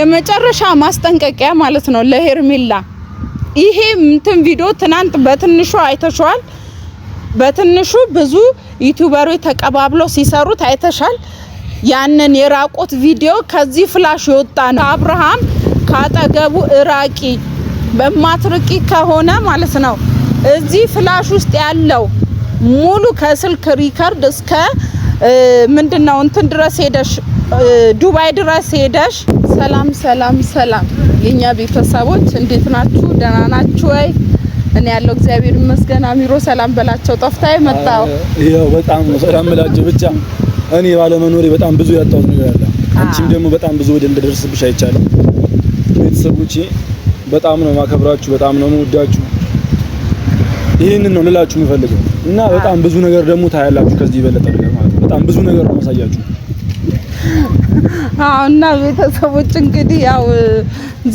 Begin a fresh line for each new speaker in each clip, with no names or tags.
የመጨረሻ ማስጠንቀቂያ ማለት ነው ለሄርሜላ። ይሄ እንትን ቪዲዮ ትናንት በትንሹ አይተሽዋል። በትንሹ ብዙ ዩቲዩበሮች ተቀባብለው ሲሰሩት አይተሻል። ያንን የራቆት ቪዲዮ ከዚህ ፍላሽ የወጣ ነው። አብርሃም ካጠገቡ እራቂ፣ በማትርቂ ከሆነ ማለት ነው እዚህ ፍላሽ ውስጥ ያለው ሙሉ ከስልክ ሪከርድ እስከ ምንድነው እንትን ድረስ ሄደሽ ዱባይ ድረስ ሄደሽ ሰላም ሰላም ሰላም የኛ ቤተሰቦች እንዴት ናችሁ? ደህና ናችሁ ወይ? እኔ ያለው እግዚአብሔር ይመስገን። አሚሮ ሰላም በላቸው። ጠፍታ መጣው።
ይኸው በጣም ሰላም በላቸው። ብቻ እኔ ባለመኖሬ በጣም ብዙ ያጣሁት ነገር አለ። አንቺም ደግሞ በጣም ብዙ ወደ እንደደርስብሽ አይቻለሁ። ቤተሰቦቼ በጣም ነው ማከብራችሁ፣ በጣም ነው መወዳችሁ ይህንን ነው ልላችሁ የምፈልገው እና በጣም ብዙ ነገር ደግሞ ታያላችሁ ከዚህ የበለጠ ነገር ማለት ነው። በጣም ብዙ ነገር ነው ማሳያችሁ
እና ቤተሰቦች እንግዲህ ያው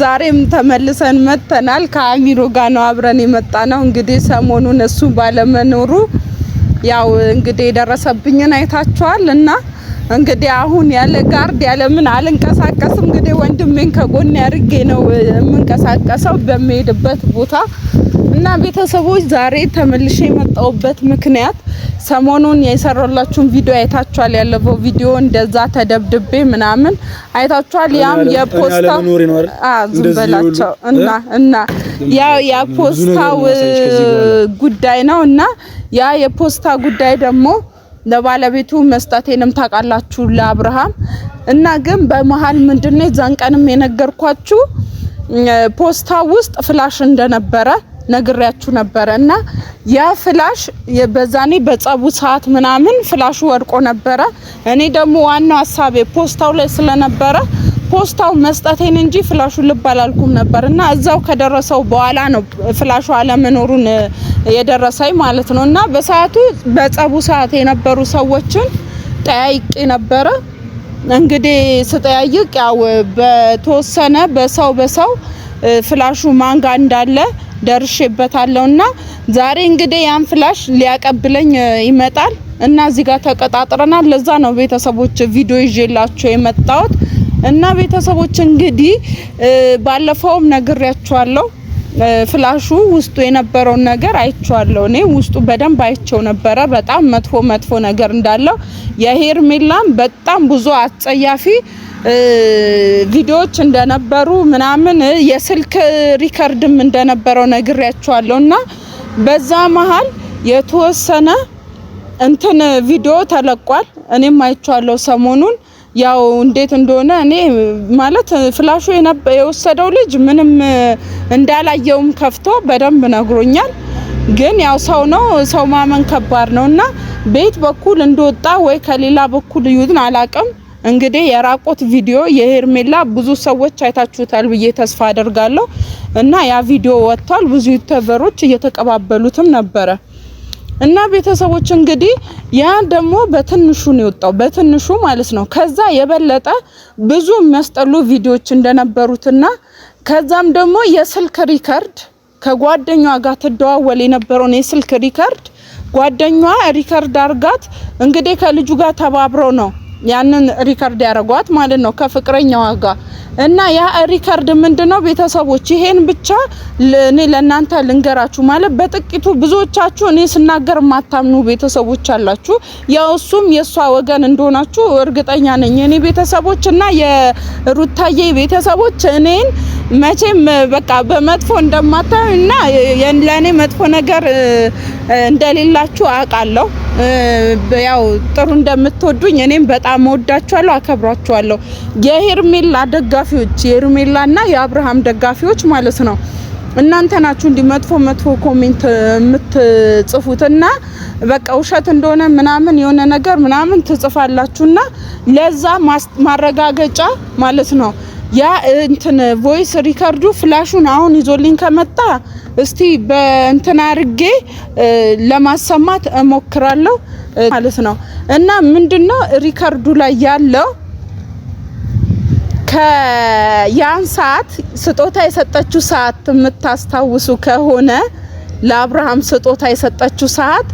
ዛሬም ተመልሰን መጥተናል። ከአሚሮ ጋር ነው አብረን የመጣ ነው። እንግዲህ ሰሞኑን እሱ ባለመኖሩ ያው እንግዲህ የደረሰብኝን አይታችኋል። እና እንግዲህ አሁን ያለ ጋርድ ያለ ምን አልንቀሳቀስም። እንግዲህ ወንድሜን ከጎን አድርጌ ነው የምንቀሳቀሰው በሚሄድበት ቦታ እና ቤተሰቦች ዛሬ ተመልሼ የመጣሁበት ምክንያት ሰሞኑን የሰራላችሁን ቪዲዮ አይታችኋል። ያለፈው ቪዲዮ እንደዛ ተደብድቤ ምናምን አይታችኋል። ያም የፖስታ ዝበላቸው እና እና ያ የፖስታው ጉዳይ ነው እና ያ የፖስታ ጉዳይ ደግሞ ለባለቤቱ መስጠቴንም ታውቃላችሁ ለአብርሃም እና ግን በመሀል ምንድነው የዛን ቀንም የነገርኳችሁ ፖስታ ውስጥ ፍላሽ እንደነበረ ነግሬያችሁ ነበረ እና ያ ፍላሽ በዛኔ በጸቡ ሰዓት ምናምን ፍላሹ ወድቆ ነበረ። እኔ ደግሞ ዋናው ሀሳቤ ፖስታው ላይ ስለነበረ ፖስታው መስጠቴን እንጂ ፍላሹ ልብ አላልኩም ነበር እና እዛው ከደረሰው በኋላ ነው ፍላሹ አለመኖሩን የደረሰኝ ማለት ነው። እና በሰዓቱ በጸቡ ሰዓት የነበሩ ሰዎችን ጠያይቄ ነበረ። እንግዲህ ስጠያይቅ ያው በተወሰነ በሰው በሰው ፍላሹ ማንጋ እንዳለ ደርሼበታለሁና ዛሬ እንግዲህ ያን ፍላሽ ሊያቀብለኝ ይመጣል እና እዚህ ጋር ተቀጣጥረናል። ለዛ ነው ቤተሰቦች ቪዲዮ ይዤላቸው የመጣሁት እና ቤተሰቦች እንግዲህ ባለፈውም ነግሬያችኋለሁ። ፍላሹ ውስጡ የነበረውን ነገር አይቼዋለሁ። እኔ ውስጡ በደንብ አይቼው ነበረ። በጣም መጥፎ መጥፎ ነገር እንዳለው የሄርሜላም በጣም ብዙ አጸያፊ ቪዲዮዎች እንደነበሩ ምናምን የስልክ ሪከርድም እንደነበረው ነግሬያቸዋለሁ። እና በዛ መሀል የተወሰነ እንትን ቪዲዮ ተለቋል። እኔም አይቼዋለሁ ሰሞኑን ያው እንዴት እንደሆነ እኔ ማለት ፍላሹ የወሰደው ልጅ ምንም እንዳላየውም ከፍቶ በደንብ ነግሮኛል። ግን ያው ሰው ነው ሰው ማመን ከባድ ነው እና በየት በኩል እንደወጣ ወይ ከሌላ በኩል እዩትን አላቅም። እንግዲህ የራቆት ቪዲዮ የሄርሜላ ብዙ ሰዎች አይታችሁታል ብዬ ተስፋ አደርጋለሁ እና ያ ቪዲዮ ወጥቷል። ብዙ ዩቲዩበሮች እየተቀባበሉትም ነበረ እና ቤተሰቦች እንግዲህ ያ ደግሞ በትንሹ ነው የወጣው፣ በትንሹ ማለት ነው። ከዛ የበለጠ ብዙ የሚያስጠሉ ቪዲዮዎች እንደነበሩትና ከዛም ደግሞ የስልክ ሪከርድ ከጓደኛዋ ጋር ትደዋወል የነበረውን የስልክ ሪከርድ ጓደኛዋ ሪከርድ አርጋት እንግዲህ ከልጁ ጋር ተባብረው ነው ያንን ሪከርድ ያደረጓት ማለት ነው ከፍቅረኛዋ ጋር እና ያ ሪከርድ ምንድነው? ቤተሰቦች ይሄን ብቻ እኔ ለእናንተ ልንገራችሁ ማለት በጥቂቱ ብዙዎቻችሁ እኔ ስናገር የማታምኑ ቤተሰቦች አላችሁ። ያው እሱም የእሷ ወገን እንደሆናችሁ እርግጠኛ ነኝ። እኔ ቤተሰቦች እና የሩታዬ ቤተሰቦች እኔን መቼም በቃ በመጥፎ እንደማታዩ እና ለእኔ መጥፎ ነገር እንደሌላችሁ አውቃለሁ። ያው ጥሩ እንደምትወዱኝ እኔም በጣም ወዳችኋለሁ፣ አከብራችኋለሁ። የሄርሜላ ደጋፊዎች የሄርሜላና የአብርሃም ደጋፊዎች ማለት ነው እናንተ ናችሁ እንዲህ መጥፎ መጥፎ ኮሜንት የምትጽፉትና በቃ ውሸት እንደሆነ ምናምን የሆነ ነገር ምናምን ትጽፋላችሁና ለዛ ማረጋገጫ ማለት ነው ያ እንትን ቮይስ ሪከርዱ ፍላሹን አሁን ይዞልኝ ከመጣ እስቲ በእንትን አርጌ ለማሰማት እሞክራለሁ ማለት ነው። እና ምንድነው ሪከርዱ ላይ ያለው ከያን ሰዓት ስጦታ የሰጠችው ሰዓት የምታስታውሱ ከሆነ ለአብርሃም ስጦታ የሰጠችው ሰዓት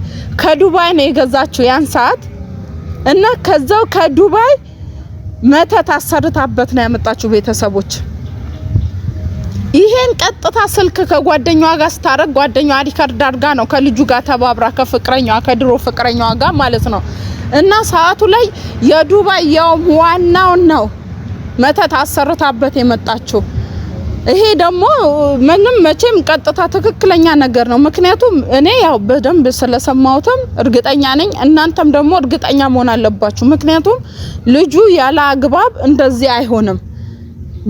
ከዱባይ ነው የገዛችው ያን ሰዓት እና ከዛው ከዱባይ መተት አሰርታበት ነው ያመጣችሁ ቤተሰቦች። ይሄን ቀጥታ ስልክ ከጓደኛዋ ጋር ስታረግ ጓደኛዋ ሪከርድ አድርጋ ነው ከልጁ ጋር ተባብራ ከፍቅረኛዋ ከድሮ ፍቅረኛዋ ጋር ማለት ነው። እና ሰዓቱ ላይ የዱባይ ያውም ዋናውን ነው መተት አሰርታበት ይሄ ደግሞ ምንም መቼም ቀጥታ ትክክለኛ ነገር ነው። ምክንያቱም እኔ ያው በደንብ ስለሰማሁትም እርግጠኛ ነኝ። እናንተም ደግሞ እርግጠኛ መሆን አለባችሁ። ምክንያቱም ልጁ ያለ አግባብ እንደዚህ አይሆንም።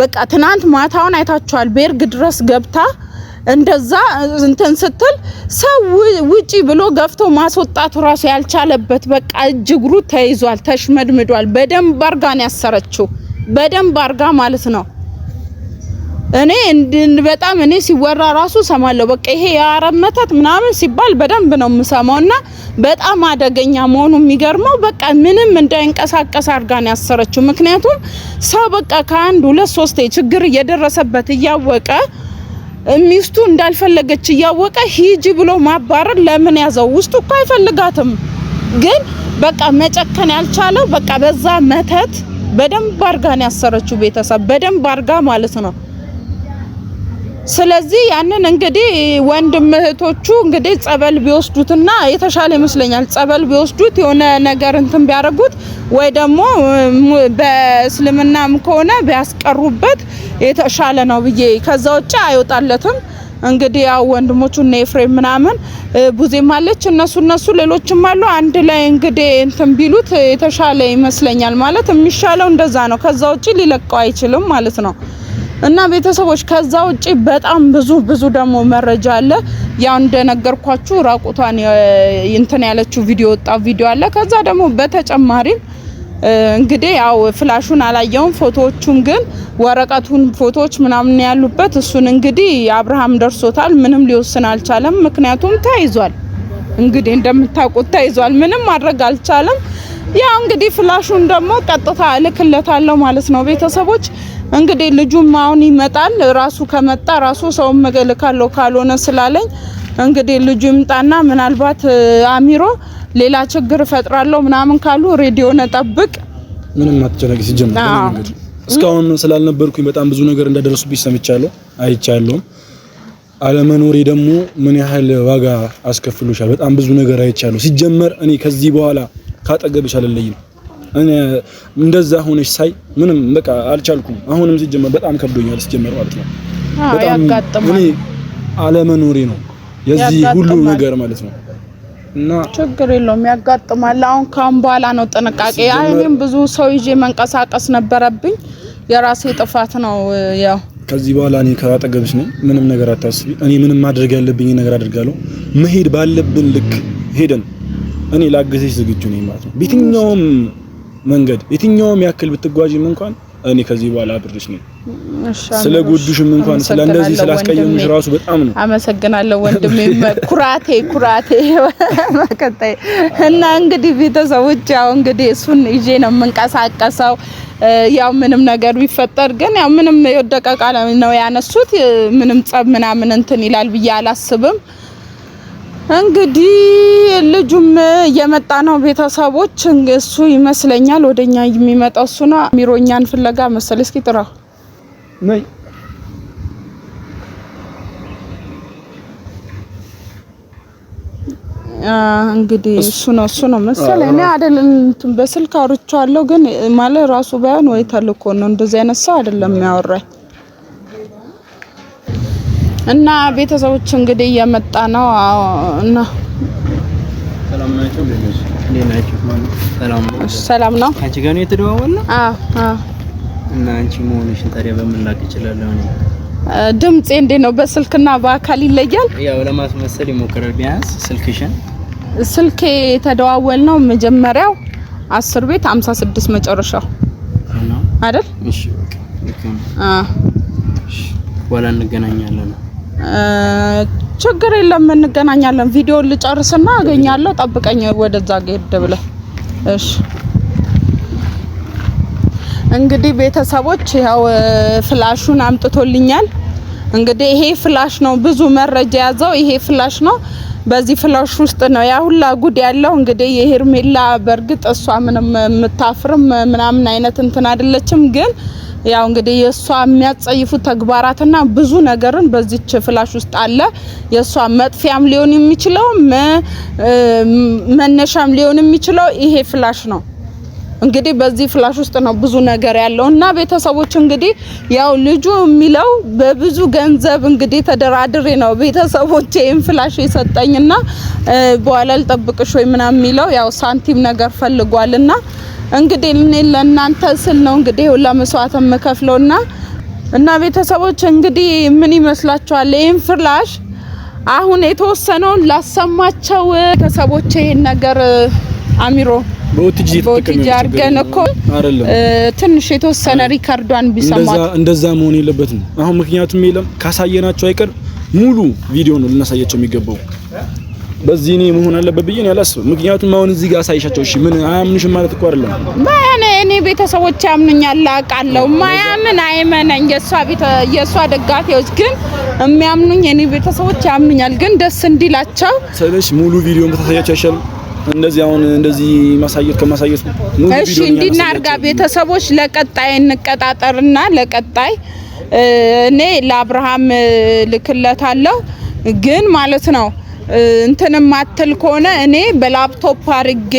በቃ ትናንት ማታውን አይታችኋል። ቤርግ ድረስ ገብታ እንደዛ እንትን ስትል ሰው ውጪ ብሎ ገፍቶ ማስወጣቱ ራሱ ያልቻለበት በቃ እጅ እግሩ ተይዟል፣ ተሽመድምዷል። በደንብ አርጋ ነው ያሰረችው፣ በደንብ አርጋ ማለት ነው። እኔ እንድን በጣም እኔ ሲወራ ራሱ ሰማለሁ። በቃ ይሄ የአረብ መተት ምናምን ሲባል በደንብ ነው የምሰማውና በጣም አደገኛ መሆኑ የሚገርመው በቃ ምንም እንዳይንቀሳቀስ አድርጋን ያሰረችው። ምክንያቱም ሰው በቃ ከአንድ ሁለት ሶስት ችግር እየደረሰበት እያወቀ ሚስቱ እንዳልፈለገች እያወቀ ሂጂ ብሎ ማባረር ለምን ያዘው? ውስጡ እኮ አይፈልጋትም። ግን በቃ መጨከን ያልቻለው በቃ በዛ መተት በደንብ አድርጋ ያሰረችው። ቤተሰብ በደንብ አድርጋ ማለት ነው ስለዚህ ያንን እንግዲህ ወንድም እህቶቹ እንግዲህ ጸበል ቢወስዱትና የተሻለ ይመስለኛል። ጸበል ቢወስዱት የሆነ ነገር እንትን ቢያደርጉት ወይ ደግሞ በእስልምናም ከሆነ ቢያስቀሩበት የተሻለ ነው ብዬ ከዛ ውጭ አይወጣለትም። እንግዲህ ያው ወንድሞቹ እነ ኤፍሬም ምናምን ቡዜም አለች እነሱ እነሱ ሌሎችም አሉ። አንድ ላይ እንግዲህ እንትን ቢሉት የተሻለ ይመስለኛል። ማለት የሚሻለው እንደዛ ነው። ከዛ ውጭ ሊለቀው አይችልም ማለት ነው። እና ቤተሰቦች ከዛ ውጪ በጣም ብዙ ብዙ ደግሞ መረጃ አለ። ያው እንደነገርኳችሁ ራቁቷን እንትን ያለችው ቪዲዮ ወጣ ቪዲዮ አለ። ከዛ ደግሞ በተጨማሪም እንግዲህ ያው ፍላሹን አላየውም። ፎቶዎቹም ግን ወረቀቱን ፎቶዎች ምናምን ያሉበት እሱን እንግዲህ አብርሃም ደርሶታል። ምንም ሊወስን አልቻለም። ምክንያቱም ተይዟል። እንግዲህ እንደምታውቁት ተይዟል። ምንም ማድረግ አልቻለም። ያው እንግዲህ ፍላሹን ደግሞ ቀጥታ እልክለታለሁ ማለት ነው ቤተሰቦች እንግዲህ ልጁም አሁን ይመጣል። ራሱ ከመጣ ራሱ ሰውም መገልካለው ካልሆነ ስላለኝ እንግዲህ ልጁ ይምጣና ምናልባት አሚሮ ሌላ ችግር እፈጥራለሁ ምናምን ካሉ ሬዲዮ ነጠብቅ።
ምንም አትጨነቂ። ሲጀምር እስካሁን ስላልነበርኩኝ በጣም ብዙ ነገር እንደደረሱብኝ ሰምቻለሁ፣ አይቻለሁም። አለመኖሬ ደግሞ ምን ያህል ዋጋ አስከፍሎሻል። በጣም ብዙ ነገር አይቻለሁ። ሲጀመር እኔ ከዚህ በኋላ ካጠገብሽ አልለይም። እንደዛ ሆነሽ ሳይ ምንም በቃ አልቻልኩም። አሁንም ሲጀመር በጣም ከብዶኛል፣ ሲጀመር ማለት ነው።
በጣም እኔ
አለመኖሬ ነው የዚህ ሁሉ ነገር ማለት ነው።
እና ችግር የለውም ያጋጥማል። አሁን ካሁን በኋላ ነው ጥንቃቄ። አይ እኔም ብዙ ሰው ይዤ መንቀሳቀስ ነበረብኝ፣ የራሴ ጥፋት ነው። ያው
ከዚህ በኋላ እኔ ከአጠገብሽ ነኝ፣ ምንም ነገር አታስቢ። እኔ ምንም ማድረግ ያለብኝ ነገር አድርጋለሁ። መሄድ ባለብን ልክ ሄደን እኔ ላገዘሽ ዝግጁ ነኝ ማለት ነው። በየትኛውም መንገድ የትኛውም ያክል ብትጓዥም እንኳን እኔ ከዚህ በኋላ አብርሽ ነኝ። ስለ ጎዱሽም እንኳን ስለ እንደዚህ ስላስቀየምሽ ራሱ በጣም ነው
አመሰግናለሁ ወንድሜ፣ ኩራቴ ኩራቴ። መከታይ እና እንግዲህ ቤተሰቦች ያው እንግዲህ እሱን ይዤ ነው የምንቀሳቀሰው። ያው ምንም ነገር ቢፈጠር ግን ያው ምንም የወደቀ ቃል ነው ያነሱት። ምንም ጸብ ምናምን እንትን ይላል ብዬ አላስብም። እንግዲህ ልጁም እየመጣ ነው። ቤተሰቦች እሱ ይመስለኛል ወደኛ የሚመጣው እሱ ነው። ሚሮኛን ፍለጋ መሰል እስኪ ጥራ ነይ እንግዲህ እሱ ነው እሱ ነው መሰለኝ። እኔ አይደለም በስልክ አውርቼዋለሁ፣ ግን ማለት ራሱ ባይሆን ወይ ተልኮ ነው እንደዚህ አይነት ሰው አይደለም ያወራኝ እና ቤተሰቦች እንግዲህ እየመጣ ነው አዎ እና ሰላም ነው።
አንቺ ጋር ነው የተደዋወልነው። አዎ አዎ። እና አንቺ መሆንሽን ታዲያ በምን ላቅ እችላለሁ?
ድምጼ እንዴት ነው? በስልክና በአካል ይለያል?
ያው ለማስመሰል ይሞክራል። ቢያንስ ስልክሽን
ስልኬ የተደዋወል ነው መጀመሪያው አስር ቤት ሀምሳ ስድስት መጨረሻው አይደል? እሺ። በቃ ልክ ነው። አዎ።
በኋላ እንገናኛለን።
ችግር የለም እንገናኛለን። ቪዲዮ ልጨርስና አገኛለሁ። ጠብቀኝ ወደዛ ሄድ ብለህ እሺ። እንግዲህ ቤተሰቦች ያው ፍላሹን አምጥቶልኛል። እንግዲህ ይሄ ፍላሽ ነው ብዙ መረጃ ያዘው። ይሄ ፍላሽ ነው። በዚህ ፍላሽ ውስጥ ነው ያ ሁላ ጉድ ያለው። እንግዲህ የሄርሜላ በእርግጥ እሷ ምንም የምታፍርም ምናምን አይነት እንትን አይደለችም ግን ያው እንግዲህ የእሷ የሚያጸይፉ ተግባራትና ብዙ ነገርን በዚች ፍላሽ ውስጥ አለ። የእሷ መጥፊያም ሊሆን የሚችለው መነሻም ሊሆን የሚችለው ይሄ ፍላሽ ነው። እንግዲህ በዚህ ፍላሽ ውስጥ ነው ብዙ ነገር ያለው እና ቤተሰቦች እንግዲህ ያው ልጁ የሚለው በብዙ ገንዘብ እንግዲህ ተደራድሬ ነው ቤተሰቦች ይህን ፍላሽ የሰጠኝና በኋላ ልጠብቅሽ ወይ ምናምን የሚለው ያው ሳንቲም ነገር ፈልጓልና እንግዲህ እኔ ለእናንተ ስል ነው እንግዲህ ሁላ መስዋዕት የምከፍለውና እና ቤተሰቦች እንግዲህ ምን ይመስላችኋል? ይህን ፍላሽ አሁን የተወሰነውን ላሰማቸው ቤተሰቦች ይሄን ነገር አሚሮ
በኦቲጂ
አድርገን እኮ ትንሽ የተወሰነ ሪካርዷን ቢሰማት
እንደዛ መሆን የለበትም። አሁን ምክንያቱም የለም ካሳየናቸው አይቀር ሙሉ ቪዲዮ ነው ልናሳያቸው የሚገባው። በዚህ እኔ መሆን አለበት ብዬ ነው ያላስብ። ምክንያቱም አሁን እዚህ ጋር ሳይሻቸው እሺ፣ ምን አያምንሽም ማለት እኮ አይደለም።
ማያነ እኔ ቤተሰቦች ያምኑኛል አውቃለሁ። ማያምን አይመነኝ። የእሷ ቤተ የእሷ ደጋፊዎች ግን የሚያምኑኝ እኔ ቤተሰቦች ያምኑኛል። ግን ደስ እንዲላቸው
ስለሽ ሙሉ ቪዲዮ ብታሳያቸው አይሻልም? እንደዚህ አሁን እንደዚህ ማሳየት ከማሳየት
ሙሉ ቪዲዮ እሺ፣ እንዲናርጋ ቤተሰቦች ለቀጣይ እንቀጣጠርና ለቀጣይ እኔ ለአብርሃም ልክለታለሁ ግን ማለት ነው እንትን ማትል ከሆነ እኔ በላፕቶፕ አድርጌ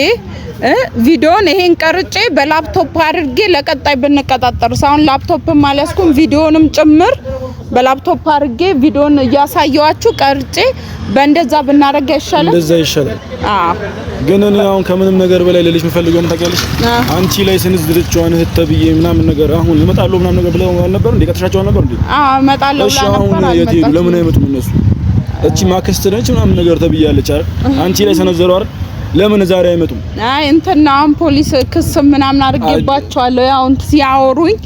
ቪዲዮን ይሄን ቀርጬ በላፕቶፕ አድርጌ ለቀጣይ ብንቀጣጠር ሳሁን ላፕቶፕ ማለስኩም ቪዲዮንም ጭምር በላፕቶፕ አድርጌ ቪዲዮን እያሳየዋችሁ ቀርጬ በእንደዛ ብናደርግ ይሻላል።
እንደዛ ይሻላል። አዎ፣ ግን እኔ አሁን ከምንም ነገር በላይ ልልሽ የምፈልገው ምን ታውቂያለሽ? አንቺ ላይ ስንዝ ድርጫዋን እህት ተብዬ ምናምን ነገር አሁን እመጣለሁ ምናምን ነገር ብለው አልነበር እንዴ? ቀጥሻቸው አልነበር እንዴ?
አዎ፣ እመጣለሁ
ብላ ነበር። አሁን የት ለምን አይመጡም እነሱ? እቺ ማክስት ነች ምናምን ነገር ተብያለች አይደል? አንቺ ላይ ሰነዘሩ አይደል? ለምን ዛሬ አይመጡም?
አይ እንትና አሁን ፖሊስ ክስ ምናምን አድርጌባቸዋለሁ። ያው እንት ሲያወሩኝ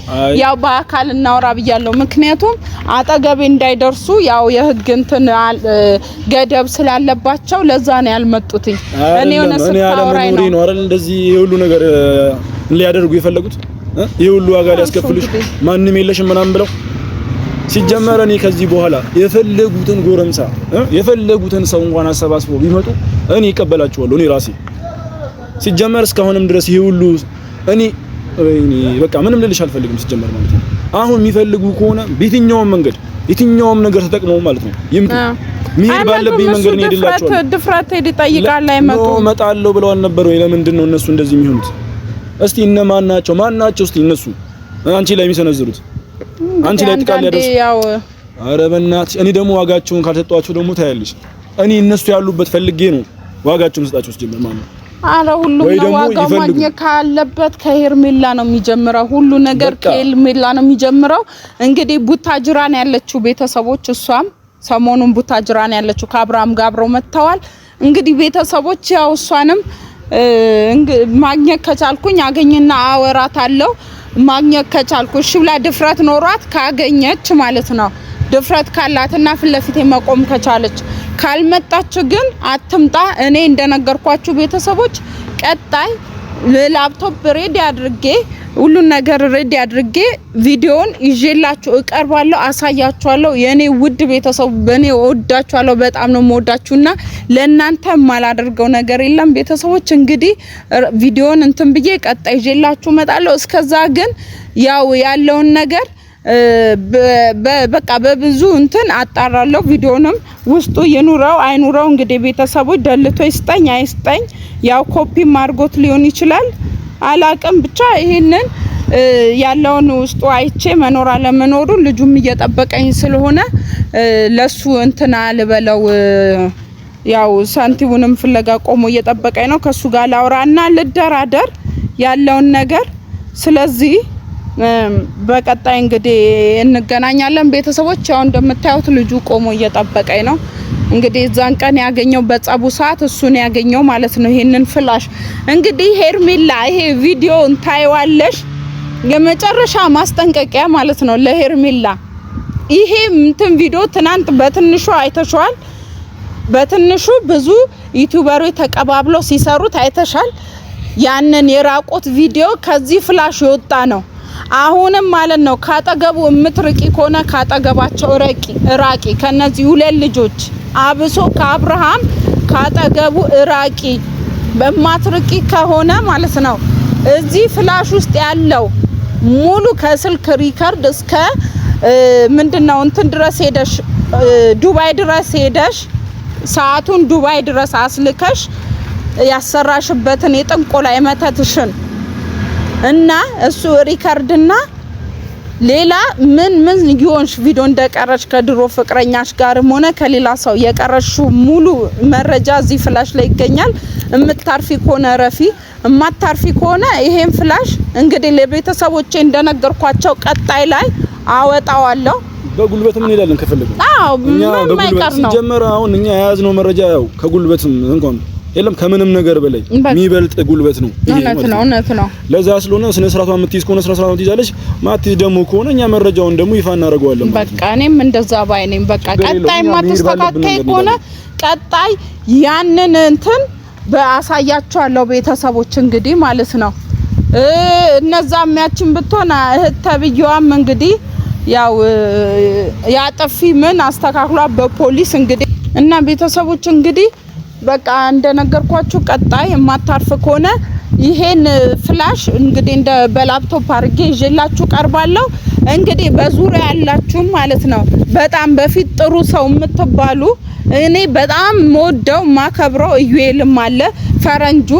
ያው በአካል እናወራ ብያለሁ። ምክንያቱም አጠገቤ እንዳይደርሱ ያው የህግ እንትን ገደብ ስላለባቸው ለዛ ነው ያልመጡት።
እኔ የሆነ ስታወራኝ ነው አይደል? እንደዚህ የሁሉ ነገር ሊያደርጉ የፈለጉት ይህ ሁሉ ዋጋ ሊያስከፍሉሽ ማንም የለሽም ምናምን ብለው ሲጀመር እኔ ከዚህ በኋላ የፈለጉትን ጎረምሳ የፈለጉትን ሰው እንኳን አሰባስቦ ቢመጡ እኔ ይቀበላቸዋለሁ። እኔ ራሴ ሲጀመር እስካሁንም ድረስ ይሄ ሁሉ እኔ በቃ ምንም ልልሽ አልፈልግም። ሲጀመር ማለት ነው አሁን የሚፈልጉ ከሆነ በየትኛውም መንገድ የትኛውም ነገር ተጠቅመው ማለት ነው ይምጡ። ሚሄድ ባለብኝ መንገድ ነው ይደላቸው።
ድፍረት ሄድ ይጠይቃል። አይመጡ
ነው መጣለው ብለዋል ነበር ወይ? ለምንድን ነው እነሱ እንደዚህ የሚሆኑት? እስቲ እነማን ናቸው? ማን ናቸው? እስቲ እነሱ አንቺ ላይ የሚሰነዝሩት አንቺ ላይ ጥቃት ሊያደርስ አረ በእናትሽ እኔ ደግሞ ዋጋቸውን ካልሰጧቸው ደግሞ ታያለሽ። እኔ እነሱ ያሉበት ፈልጌ ነው ዋጋቸውን ስጣቸው ስጀምር ማለት ነው።
አረ ሁሉም ነው ዋጋው ማግኘት ካለበት ከሄርሜላ ነው የሚጀምረው። ሁሉ ነገር ከሄርሜላ ነው የሚጀምረው። እንግዲህ ቡታጅራ ነው ያለችው ቤተሰቦች፣ እሷም ሰሞኑን ቡታጅራ ነው ያለችው ከአብርሃም ጋር አብረው መጥተዋል። እንግዲህ ቤተሰቦች ያው እሷንም ማግኘት ከቻልኩኝ አገኝና አወራታለሁ ማግኘት ከቻልኩ እሺ ብላ ድፍረት ኖሯት ካገኘች ማለት ነው። ድፍረት ካላትና ፊት ለፊቴ መቆም ከቻለች፣ ካልመጣች ግን አትምጣ። እኔ እንደነገርኳችሁ ቤተሰቦች ቀጣይ ለላፕቶፕ ሬዲ አድርጌ ሁሉን ነገር ሬዲ አድርጌ ቪዲዮን ይዤላችሁ እቀርባለሁ፣ አሳያችኋለሁ። የኔ ውድ ቤተሰቡ በእኔ ወዳችኋለሁ፣ በጣም ነው የምወዳችሁና ለእናንተ የማላደርገው ነገር የለም። ቤተሰቦች እንግዲህ ቪዲዮን እንትን ብዬ ቀጣ ይዤላችሁ እመጣለሁ። እስከዛ ግን ያው ያለውን ነገር በቃ በብዙ እንትን አጣራለሁ። ቪዲዮንም ውስጡ ይኑረው አይኑረው እንግዲህ ቤተሰቦች ደልቶ ይስጠኝ አይስጠኝ፣ ያው ኮፒ ማርጎት ሊሆን ይችላል አላቅም ብቻ ይሄንን ያለውን ውስጡ አይቼ መኖር አለመኖሩ ልጁም እየጠበቀኝ ስለሆነ ለሱ እንትና ልበለው ያው ሳንቲሙንም ፍለጋ ቆሞ እየጠበቀኝ ነው። ከሱ ጋር ላውራና ልደራደር ያለውን ነገር። ስለዚህ በቀጣይ እንግዲህ እንገናኛለን ቤተሰቦች። ያው እንደምታዩት ልጁ ቆሞ እየጠበቀኝ ነው። እንግዲህ እዛን ቀን ያገኘው በጸቡ ሰዓት እሱን ያገኘው ማለት ነው። ይሄንን ፍላሽ እንግዲህ ሄርሜላ ይሄ ቪዲዮ እንታይዋለሽ። የመጨረሻ ማስጠንቀቂያ ማለት ነው ለሄርሜላ። ይሄ እንትን ቪዲዮ ትናንት በትንሹ አይተሽዋል። በትንሹ ብዙ ዩቲዩበሮች ተቀባብለው ሲሰሩት አይተሻል። ያንን የራቁት ቪዲዮ ከዚህ ፍላሽ የወጣ ነው። አሁንም ማለት ነው ካጠገቡ የምትርቂ ከሆነ ካጠገባቸው ራቂ ራቂ። ከነዚህ ሁለት ልጆች አብሶ ከአብርሃም ካጠገቡ ራቂ። በማትርቂ ከሆነ ማለት ነው እዚህ ፍላሽ ውስጥ ያለው ሙሉ ከስልክ ሪከርድ እስከ ምንድነው እንትን ድረስ ሄደሽ ዱባይ ድረስ ሄደሽ ሰዓቱን ዱባይ ድረስ አስልከሽ ያሰራሽበትን የጥንቆላ የመተትሽን እና እሱ ሪከርድ እና ሌላ ምን ምን ይሆንሽ ቪዲዮ እንደቀረሽ ከድሮ ፍቅረኛሽ ጋርም ሆነ ከሌላ ሰው የቀረሽ ሙሉ መረጃ እዚህ ፍላሽ ላይ ይገኛል። እምታርፊ ከሆነ ረፊ፣ እማታርፊ ከሆነ ይሄን ፍላሽ እንግዲህ ለቤተሰቦቼ እንደነገርኳቸው ቀጣይ ላይ አወጣዋለሁ።
በጉልበትም እንሄዳለን ከፈለግን።
አዎ ምን ማይቀር
ነው። ጀመረ። አሁን እኛ የያዝነው መረጃ ያው ከጉልበትም እንኳን የለም ከምንም ነገር በላይ የሚበልጥ ጉልበት ነው።
እውነት ነው፣ እውነት ነው።
ለዛ ስለሆነ ስነ ስርዓቷን የምትይዝ ከሆነ ስነ ስርዓቷን ትይዛለች። ማትይዝ ደግሞ ከሆነ እኛ መረጃውን ደግሞ ይፋ እናደርገዋለን።
በቃ እኔም እንደዛ ባይ ነኝ። በቃ ቀጣይ ማትስተካከይ ከሆነ ቀጣይ ያንን እንትን በአሳያቸዋለሁ ቤተሰቦች እንግዲህ ማለት ነው። እነዛ ሚያችን ብትሆን እህት ተብዬዋም እንግዲህ ያው ያጠፊ ምን አስተካክሏ በፖሊስ እንግዲህ እና ቤተሰቦች እንግዲህ በቃ እንደነገርኳችሁ ቀጣይ የማታርፍ ከሆነ ይሄን ፍላሽ እንግዲህ እንደ በላፕቶፕ አድርጌ ይዤላችሁ ቀርባለሁ። እንግዲህ በዙሪያ ያላችሁ ማለት ነው በጣም በፊት ጥሩ ሰው የምትባሉ እኔ በጣም መወደው ማከብረው እዩኤልም አለ ፈረንጁ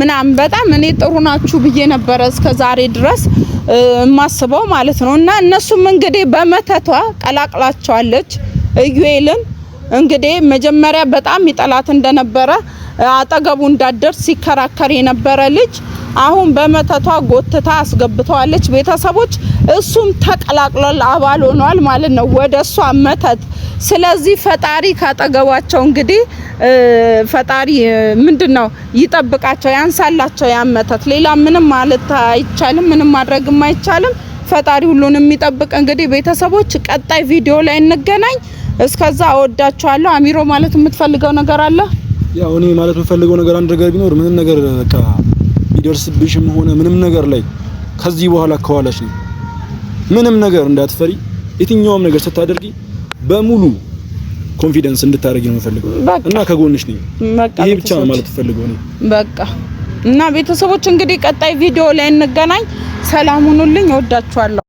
ምናምን በጣም እኔ ጥሩ ናችሁ ብዬ ነበረ እስከ ዛሬ ድረስ የማስበው ማለት ነው። እና እነሱም እንግዲህ በመተቷ ቀላቅላቸዋለች እዩኤልም እንግዲህ መጀመሪያ በጣም ይጠላት እንደነበረ አጠገቡ እንዳደርስ ሲከራከር የነበረ ልጅ አሁን በመተቷ ጎትታ አስገብተዋለች። ቤተሰቦች እሱም ተቀላቅሏል፣ አባል ሆኗል ማለት ነው ወደ እሷ መተት። ስለዚህ ፈጣሪ ካጠገባቸው እንግዲህ ፈጣሪ ምንድነው ይጠብቃቸው፣ ያንሳላቸው ያመተት። ሌላ ምንም ማለት አይቻልም፣ ምንም ማድረግም አይቻልም። ፈጣሪ ሁሉንም ይጠብቅ። እንግዲህ ቤተሰቦች ቀጣይ ቪዲዮ ላይ እንገናኝ። እስከዛ እወዳችኋለሁ። አሚሮ ማለት የምትፈልገው ነገር አለ?
ያው እኔ ማለት የምፈልገው ነገር አንድ ነገር ቢኖር ምንም ነገር በቃ ቢደርስብሽም ሆነ ምንም ነገር ላይ ከዚህ በኋላ ከኋላሽ ነው። ምንም ነገር እንዳትፈሪ፣ የትኛውም ነገር ስታደርጊ በሙሉ ኮንፊደንስ እንድታደርጊ ነው የምፈልገው እና ከጎንሽ ነኝ። ይሄ ብቻ ነው ማለት የምፈልገው ነው።
በቃ እና ቤተሰቦች እንግዲህ ቀጣይ ቪዲዮ ላይ እንገናኝ። ሰላም ሁኑልኝ። እወዳችኋለሁ።